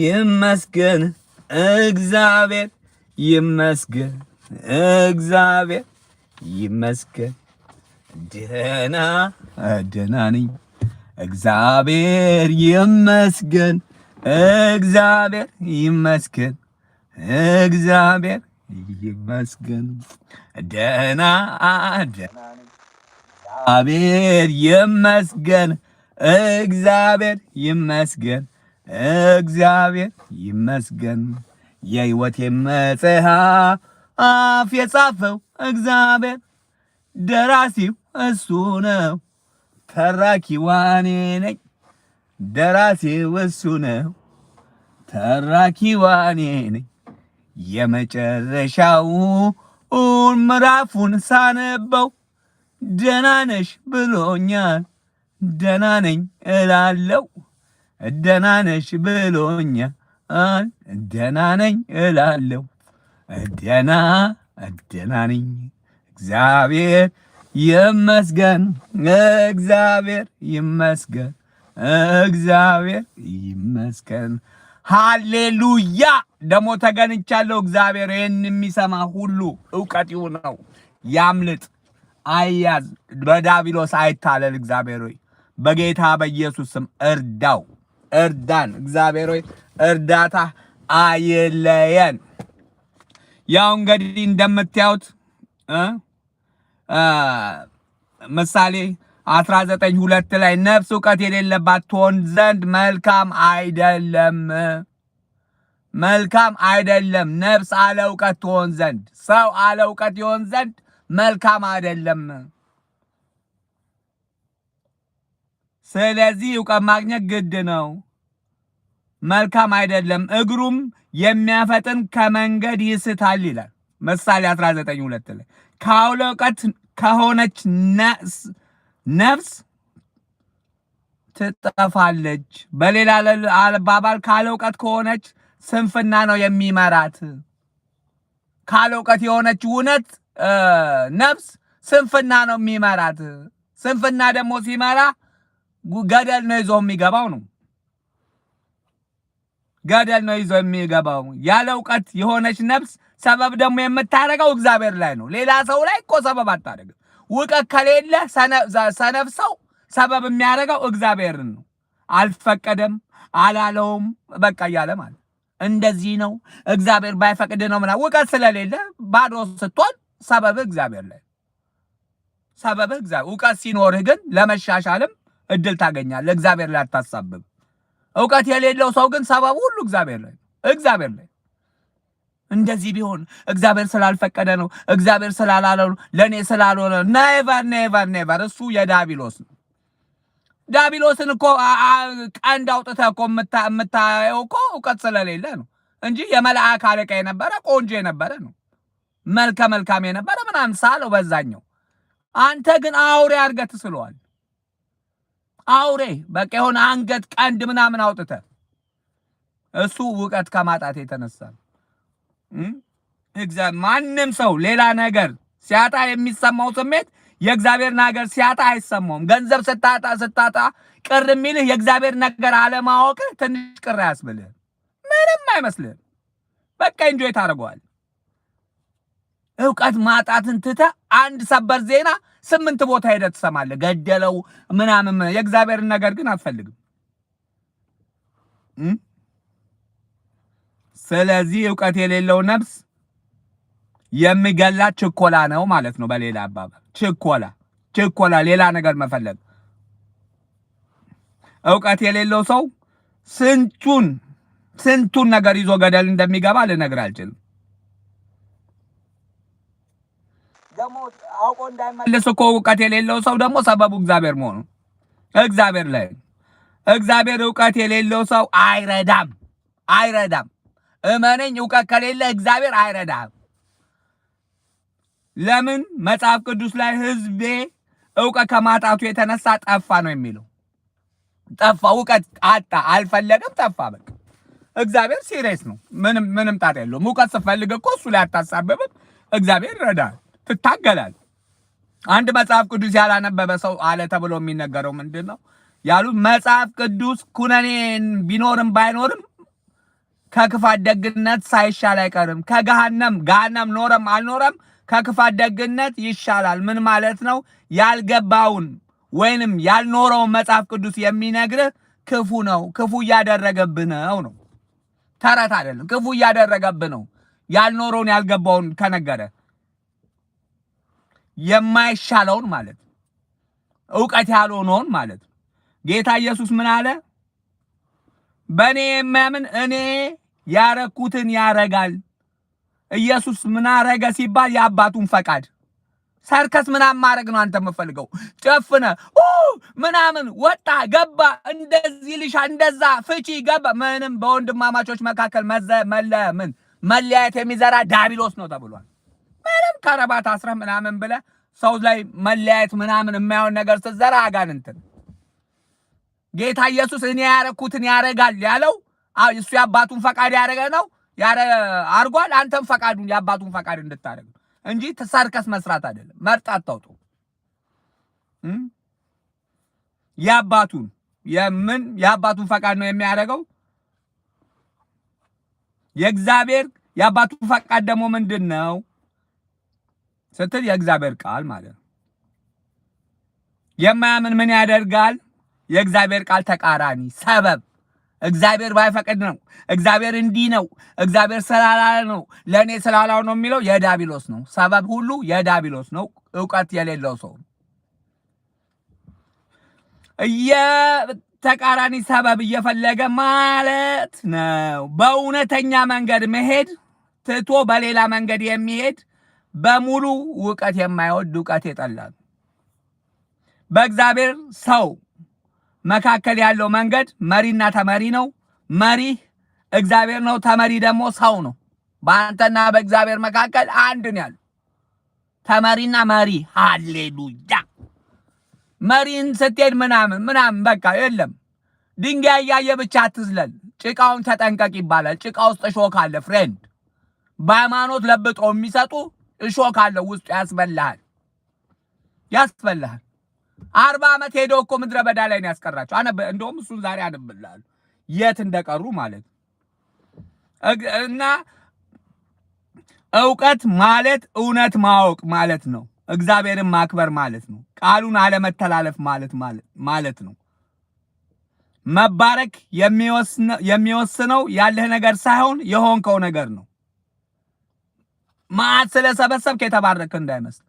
ይመስገን እግዚአብሔር ይመስገን እግዚአብሔር ይመስገን ደህና ደህና ነኝ። እግዚአብሔር ይመስገን እግዚአብሔር ይመስገን እግዚአብሔር ይመስገን ደህና ደህና ነኝ። እግዚአብሔር ይመስገን እግዚአብሔር ይመስገን እግዚአብሔር ይመስገን የሕይወቴ መጽሐፍ የጻፈው እግዚአብሔር ደራሲው እሱ ነው። ተራኪ እኔ ነኝ። ደራሲው እሱ ነው። ተራኪ ዋኔ ነኝ። የመጨረሻውን ምዕራፉን ሳነበው ደናነሽ ብሎኛል። ደናነኝ እላለው። ደህና ነሽ ብሎኛ ደህና ነኝ እላለሁ ደህና ደህና ነኝ እግዚአብሔር ይመስገን እግዚአብሔር ይመስገን እግዚአብሔር ይመስገን። ሃሌሉያ ደግሞ ተገንቻለሁ። እግዚአብሔር ይህን የሚሰማ ሁሉ እውቀት ይሁነው፣ ያምልጥ፣ አያዝ፣ በዳቢሎስ አይታለል። እግዚአብሔር ሆይ በጌታ በኢየሱስ ስም እርዳው። እርዳን። እግዚአብሔር ሆይ እርዳታ አይለየን። ያው እንግዲህ እንደምታዩት ምሳሌ 19 ሁለት ላይ ነፍስ እውቀት የሌለባት ትሆን ዘንድ መልካም አይደለም፣ መልካም አይደለም። ነፍስ አለ እውቀት ትሆን ዘንድ ሰው አለ እውቀት ይሆን ዘንድ መልካም አይደለም። ስለዚህ እውቀት ማግኘት ግድ ነው፣ መልካም አይደለም። እግሩም የሚያፈጥን ከመንገድ ይስታል ይላል ምሳሌ 19 ሁለት ላይ ከአውለ እውቀት ከሆነች ነፍስ ትጠፋለች። በሌላ አባባል ካለ እውቀት ከሆነች ስንፍና ነው የሚመራት። ካለ እውቀት የሆነች እውነት ነፍስ ስንፍና ነው የሚመራት። ስንፍና ደግሞ ሲመራ ገደል ነው ይዞ የሚገባው ነው። ገደል ነው ይዞ የሚገባው። ያለ እውቀት የሆነች ነፍስ ሰበብ ደግሞ የምታደርገው እግዚአብሔር ላይ ነው። ሌላ ሰው ላይ እኮ ሰበብ አታደርግም። እውቀት ከሌለ ሰነፍ ሰው ሰበብ የሚያደርገው እግዚአብሔርን ነው። አልፈቀደም አላለውም በቃ እያለ ማለት እንደዚህ ነው። እግዚአብሔር ባይፈቅድ ነው ምናምን እውቀት ስለሌለ ባዶ ስትሆን ሰበብህ እግዚአብሔር ላይ ሰበብህ እግዚአብሔር። እውቀት ሲኖርህ ግን ለመሻሻልም እድል ታገኛለህ። እግዚአብሔር ላይ አታሳብብ። እውቀት የሌለው ሰው ግን ሰበቡ ሁሉ እግዚአብሔር ላይ እግዚአብሔር ላይ እንደዚህ ቢሆን እግዚአብሔር ስላልፈቀደ ነው፣ እግዚአብሔር ስላላለ ለእኔ ስላልሆነ ነቨር ነቨር ነቨር። እሱ የዳቢሎስ ነው። ዳቢሎስን እኮ ቀንድ አውጥተህ እኮ የምታየው እኮ እውቀት ስለሌለ ነው እንጂ የመልአክ አለቃ የነበረ ቆንጆ የነበረ ነው፣ መልከ መልካም የነበረ ምናምን ሳለው በዛኛው። አንተ ግን አውሬ አድርገህ ትስለዋል። አውሬ በቃ የሆነ አንገት ቀንድ ምናምን አውጥተ እሱ እውቀት ከማጣት የተነሳ ማንም ሰው ሌላ ነገር ሲያጣ የሚሰማው ስሜት የእግዚአብሔር ነገር ሲያጣ አይሰማውም። ገንዘብ ስታጣ ስታጣ ቅር የሚልህ የእግዚአብሔር ነገር አለማወቅ ትንሽ ቅር አያስብልህ፣ ምንም አይመስልህ። በቃ እንጆይ ታደርገዋል። እውቀት ማጣትን ትተ አንድ ሰበር ዜና ስምንት ቦታ ሄደ ትሰማለ ገደለው ምናምን የእግዚአብሔርን ነገር ግን አትፈልግም። ስለዚህ እውቀት የሌለው ነፍስ የሚገላ ችኮላ ነው ማለት ነው። በሌላ አባባል ችኮላ ችኮላ፣ ሌላ ነገር መፈለግ። እውቀት የሌለው ሰው ስንቱን ስንቱን ነገር ይዞ ገደል እንደሚገባ ልነግር አልችልም። ደግሞ አውቆ እኮ እውቀት የሌለው ሰው ደግሞ ሰበቡ እግዚአብሔር መሆኑ እግዚአብሔር ላይ እግዚአብሔር እውቀት የሌለው ሰው አይረዳም፣ አይረዳም። እመነኝ፣ እውቀት ከሌለ እግዚአብሔር አይረዳም። ለምን መጽሐፍ ቅዱስ ላይ ሕዝቤ እውቀት ከማጣቱ የተነሳ ጠፋ ነው የሚለው። ጠፋ፣ እውቀት አጣ፣ አልፈለገም፣ ጠፋ። በቃ እግዚአብሔር ሲሬስ ነው። ምንም ምንም ጣጣ የለውም። እውቀት ስፈልግ እኮ እሱ ላይ አታሳብብም። እግዚአብሔር ይረዳል። ትታገላል። አንድ መጽሐፍ ቅዱስ ያላነበበ ሰው አለ ተብሎ የሚነገረው ምንድን ነው ያሉት? መጽሐፍ ቅዱስ ኩነኔን ቢኖርም ባይኖርም ከክፋት ደግነት ሳይሻል አይቀርም። ከገሃነም ገሃነም ኖረም አልኖረም ከክፋት ደግነት ይሻላል። ምን ማለት ነው? ያልገባውን ወይንም ያልኖረውን መጽሐፍ ቅዱስ የሚነግርህ ክፉ ነው፣ ክፉ እያደረገብህ ነው ነው። ተረት አይደለም። ክፉ እያደረገብህ ነው፣ ያልኖረውን ያልገባውን ከነገረ የማይሻለውን ማለት እውቀት ያልሆነውን ማለት ጌታ ኢየሱስ ምን አለ? በእኔ የሚያምን እኔ ያረኩትን ያረጋል። ኢየሱስ ምን አረገ ሲባል የአባቱን ፈቃድ። ሰርከስ ምናምን ማድረግ ነው አንተ የምፈልገው። ጨፍነ ምናምን ወጣ ገባ፣ እንደዚህ ልሻ፣ እንደዛ ፍቺ ገባ፣ ምንም በወንድማማቾች መካከል መለ ምን መለያየት የሚዘራ ዳቢሎስ ነው ተብሏል። ምንም ከረባት አስረህ ምናምን ብለ ሰው ላይ መለያየት ምናምን የማይሆን ነገር ስትዘራ አጋንንትን ጌታ ኢየሱስ እኔ ያረኩትን ያረጋል ያለው እሱ የአባቱን ፈቃድ ያረገ ነው አርጓል። አንተም ፈቃዱን የአባቱን ፈቃድ እንድታደርግ እንጂ ሰርከስ መስራት አይደለም። መርጣ አታውጡ። የአባቱን የምን የአባቱን ፈቃድ ነው የሚያደርገው። የእግዚአብሔር የአባቱን ፈቃድ ደግሞ ምንድን ነው? ስትል የእግዚአብሔር ቃል ማለት ነው። የማያምን ምን ያደርጋል? የእግዚአብሔር ቃል ተቃራኒ ሰበብ። እግዚአብሔር ባይፈቅድ ነው፣ እግዚአብሔር እንዲህ ነው፣ እግዚአብሔር ስላላለ ነው፣ ለእኔ ስላላው ነው የሚለው የዳቢሎስ ነው። ሰበብ ሁሉ የዳቢሎስ ነው፣ እውቀት የሌለው ሰው የተቃራኒ ሰበብ እየፈለገ ማለት ነው። በእውነተኛ መንገድ መሄድ ትቶ በሌላ መንገድ የሚሄድ በሙሉ እውቀት የማይወድ እውቀት የጠላ በእግዚአብሔር ሰው መካከል ያለው መንገድ መሪና ተመሪ ነው። መሪ እግዚአብሔር ነው። ተመሪ ደግሞ ሰው ነው። በአንተና በእግዚአብሔር መካከል አንድ ነው ያሉ ተመሪና መሪ። ሃሌሉያ! መሪን ስትሄድ ምናምን ምናምን በቃ የለም። ድንጋይ እያየ ብቻ አትዝለል። ጭቃውን ተጠንቀቅ ይባላል። ጭቃ ውስጥ እሾክ አለ። ፍሬንድ በሃይማኖት ለብጦ የሚሰጡ እሾክ አለው ውስጡ ያስበላል ያስበላል። አርባ ዓመት ሄደው እኮ ምድረ በዳ ላይ ነው ያስቀራቸው። እንደውም እሱን ዛሬ አንብላል የት እንደቀሩ ማለት እና እውቀት ማለት እውነት ማወቅ ማለት ነው። እግዚአብሔርን ማክበር ማለት ነው። ቃሉን አለመተላለፍ ማለት ማለት ነው። መባረክ የሚወስነው ያለህ ነገር ሳይሆን የሆንከው ነገር ነው። ማት ስለሰበሰብክ የተባረክ እንዳይመስል።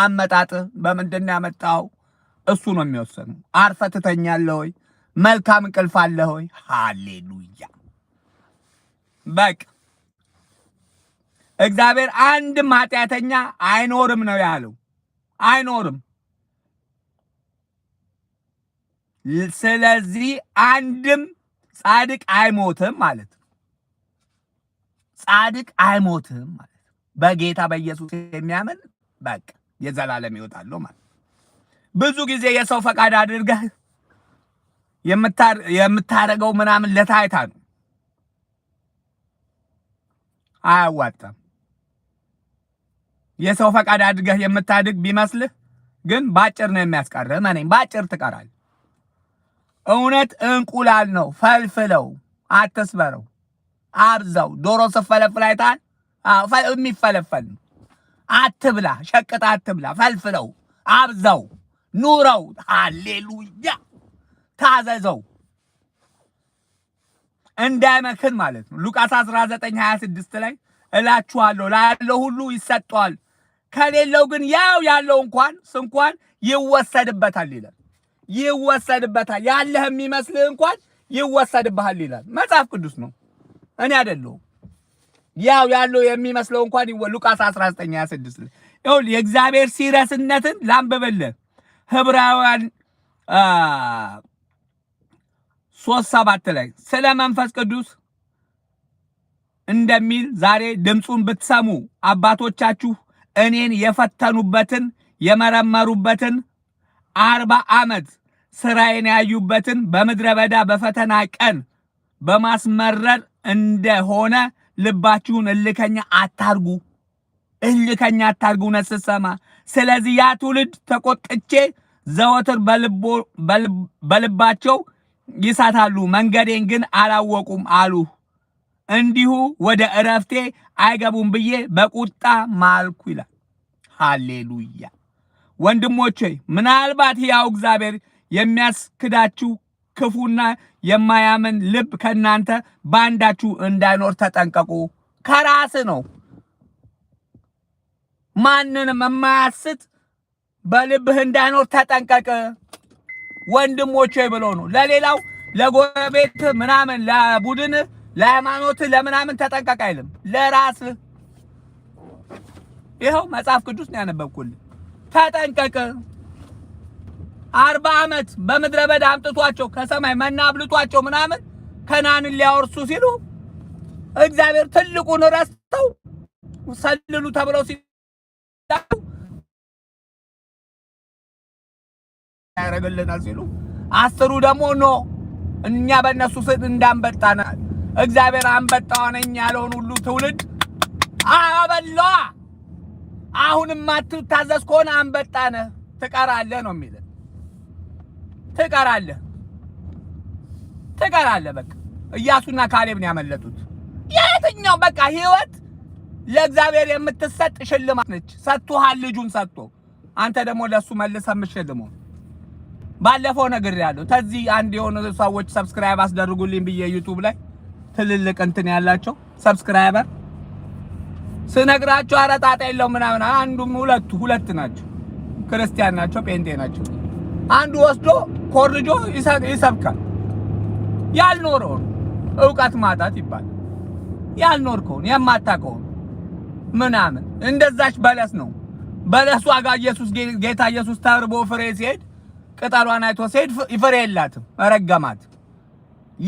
አመጣጥህ በምንድን ያመጣው? እሱ ነው የሚወሰኑ። አርፈህ ትተኛለህ ወይ? መልካም እንቅልፍ አለህ ወይ? ሃሌሉያ። በቃ እግዚአብሔር አንድም ኃጢአተኛ አይኖርም ነው ያለው። አይኖርም። ስለዚህ አንድም ጻድቅ አይሞትም ማለት ነው። ጻድቅ አይሞትም ማለት በጌታ በኢየሱስ የሚያምን በቃ የዘላለም ሕይወት አለው ማለት። ብዙ ጊዜ የሰው ፈቃድ አድርገህ የምታረገው ምናምን ለታይታ ነው፣ አያዋጣም። የሰው ፈቃድ አድርገህ የምታድግ ቢመስልህ ግን ባጭር ነው የሚያስቀርህ። ማለት ባጭር ትቀራል። እውነት እንቁላል ነው። ፈልፍለው፣ አትስበረው፣ አብዛው። ዶሮ ስትፈለፍል የሚፈለፈል አትብላ፣ ሸቅጥ አትብላ፣ ፈልፍለው፣ አብዛው፣ ኑረው። ሃሌሉያ ታዘዘው እንዳይመክን ማለት ነው። ሉቃስ 19 26 ላይ እላችኋለሁ ላለው ሁሉ ይሰጠዋል፣ ከሌለው ግን ያው ያለው እንኳን ስንኳን ይወሰድበታል ይላል። ይወሰድበታል ያለህ የሚመስልህ እንኳን ይወሰድብሃል ይላል። መጽሐፍ ቅዱስ ነው፣ እኔ አይደለሁም። ያው ያለው የሚመስለው እንኳን ይወ ሉቃስ 19:26 ይሁን የእግዚአብሔር ሲረስነትን ላንበበልን ህብራውያን ሶስት ሰባት ላይ ስለ መንፈስ ቅዱስ እንደሚል ዛሬ ድምፁን ብትሰሙ አባቶቻችሁ እኔን የፈተኑበትን የመረመሩበትን አርባ ዓመት ስራዬን ያዩበትን በምድረ በዳ በፈተና ቀን በማስመረር እንደሆነ ልባችሁን እልከኛ አታርጉ፣ እልከኛ አታርጉ እውነት ስለዚህ ያ ትውልድ ተቆጥቼ ዘወትር በልባቸው ይሳታሉ፣ መንገዴን ግን አላወቁም አሉ። እንዲሁ ወደ እረፍቴ አይገቡም ብዬ በቁጣ ማልኩ ይላል። ሃሌሉያ! ወንድሞች ሆይ ምናልባት ያው እግዚአብሔር የሚያስክዳችሁ ክፉና የማያምን ልብ ከእናንተ በአንዳችሁ እንዳይኖር ተጠንቀቁ። ከራስ ነው። ማንንም የማያስት በልብህ እንዳይኖር ተጠንቀቅ። ወንድሞቼ ብሎ ነው ለሌላው ለጎረቤት ምናምን ለቡድን ለሃይማኖት ለምናምን ተጠንቀቅ አይልም። ለራስ ይኸው መጽሐፍ ቅዱስ ነው ያነበብኩልህ። ተጠንቀቅ። አርባ ዓመት በምድረ በዳ አምጥቷቸው ከሰማይ መና አብልጧቸው ምናምን ከናንን ሊያወርሱ ሲሉ እግዚአብሔር ትልቁን ረስተው ሰልሉ ተብለው ሲሉ ያደርግልናል ሲሉ አስሩ ደግሞ ኖ እኛ በእነሱ ስድ እንዳንበጣናል እግዚአብሔር አንበጣው ነኝ ያለውን ሁሉ ትውልድ አበላ። አሁን የማትታዘዝ ከሆነ አንበጣ ነህ ትቀራለህ ነው የሚል ትቀራለህ ትቀራለህ። በቃ እያሱና ካሌብ ነው ያመለጡት። የትኛው በቃ ህይወት ለእግዚአብሔር የምትሰጥ ሽልማት ነች። ሰጥቶሃል፣ ልጁን ሰጥቶ አንተ ደግሞ ለሱ መልሰህ ምሽልሞ ባለፈው ነገር ያለው ተዚህ አንድ የሆነ ሰዎች ሰብስክራይብ አስደርጉልኝ ብዬ ዩቲዩብ ላይ ትልልቅ እንትን ያላቸው ሰብስክራይበር ስነግራቸው ኧረ ጣጣ የለው ምናምን፣ አንዱም ሁለቱ ሁለት ናቸው፣ ክርስቲያን ናቸው፣ ጴንጤ ናቸው። አንዱ ወስዶ ኮርጆ ይሰብካል። ያልኖረውን እውቀት ማጣት ይባል ያልኖርከውን የማታውቀውን ምናምን እንደዛች በለስ ነው። በለሷ ጋር ኢየሱስ ጌታ ኢየሱስ ተርቦ ፍሬ ሲሄድ ቅጠሏን አይቶ ሲሄድ ፍሬ የላትም፣ ረገማት።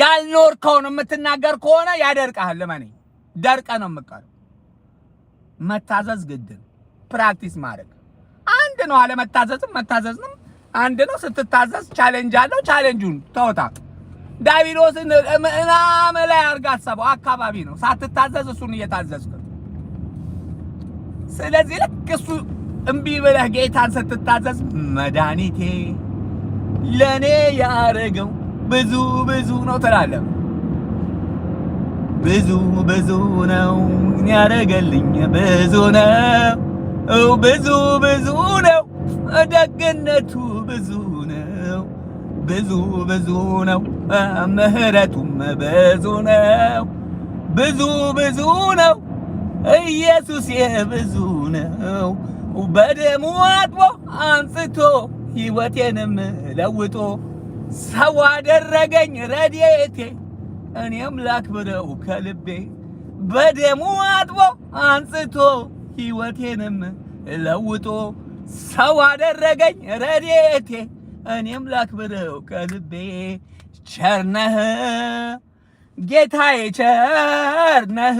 ያልኖርከውን የምትናገር ከሆነ ያደርቀሃል። ለማኔ ደርቀ ነው የምቀር። መታዘዝ ግድን ፕራክቲስ ማድረግ አንድ ነው። አለመታዘዝም መታዘዝንም አንድ ነው። ስትታዘዝ ቻሌንጅ አለው። ቻሌንጁን ተወጣ። ዳቢሎስን ምዕናም ላይ አድርጋ አሰበው አካባቢ ነው። ሳትታዘዝ እሱን እየታዘዝ ስለዚህ ልክ እሱ እምቢ ብለህ ጌታን ስትታዘዝ መድኃኒቴ ለእኔ ያረገው ብዙ ብዙ ነው ትላለህ። ብዙ ብዙ ነው ያረገልኝ ብዙ ነው ብዙ ብዙ ነው ደግነቱ ብዙ ነው፣ ብዙ ብዙ ነው። ምሕረቱም ብዙ ነው፣ ብዙ ብዙ ነው። ኢየሱስ የብዙ ነው። በደሙ አጥቦ አንጽቶ ሕይወቴንም ለውጦ ሰው አደረገኝ ረድኤቴ እኔም ላክብረው ከልቤ በደሙ አጥቦ አንጽቶ ሕይወቴንም ለውጦ ሰው አደረገኝ ረዴቴ እኔም ላክብረው ከልቤ። ቸርነህ ጌታዬ ቸርነህ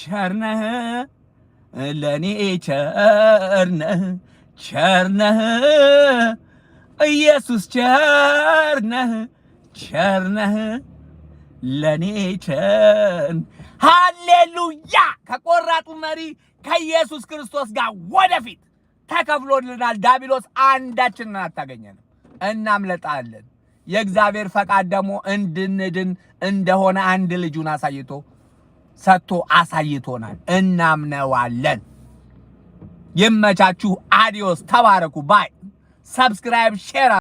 ቸርነህ ለእኔ ቸርነህ ቸርነህ ኢየሱስ ቸርነህ ቸርነህ ለእኔ ቸርን ሃሌሉያ ከቆራጡ መሪ ከኢየሱስ ክርስቶስ ጋር ወደፊት ተከፍሎልናል። ዳቢሎስ አንዳችንን አታገኘንም፣ እናምለጣለን። የእግዚአብሔር ፈቃድ ደግሞ እንድንድን እንደሆነ አንድ ልጁን አሳይቶ ሰጥቶ አሳይቶናል። እናምነዋለን። ይመቻችሁ። አዲዮስ። ተባረኩ። ባይ። ሰብስክራይብ፣ ሼር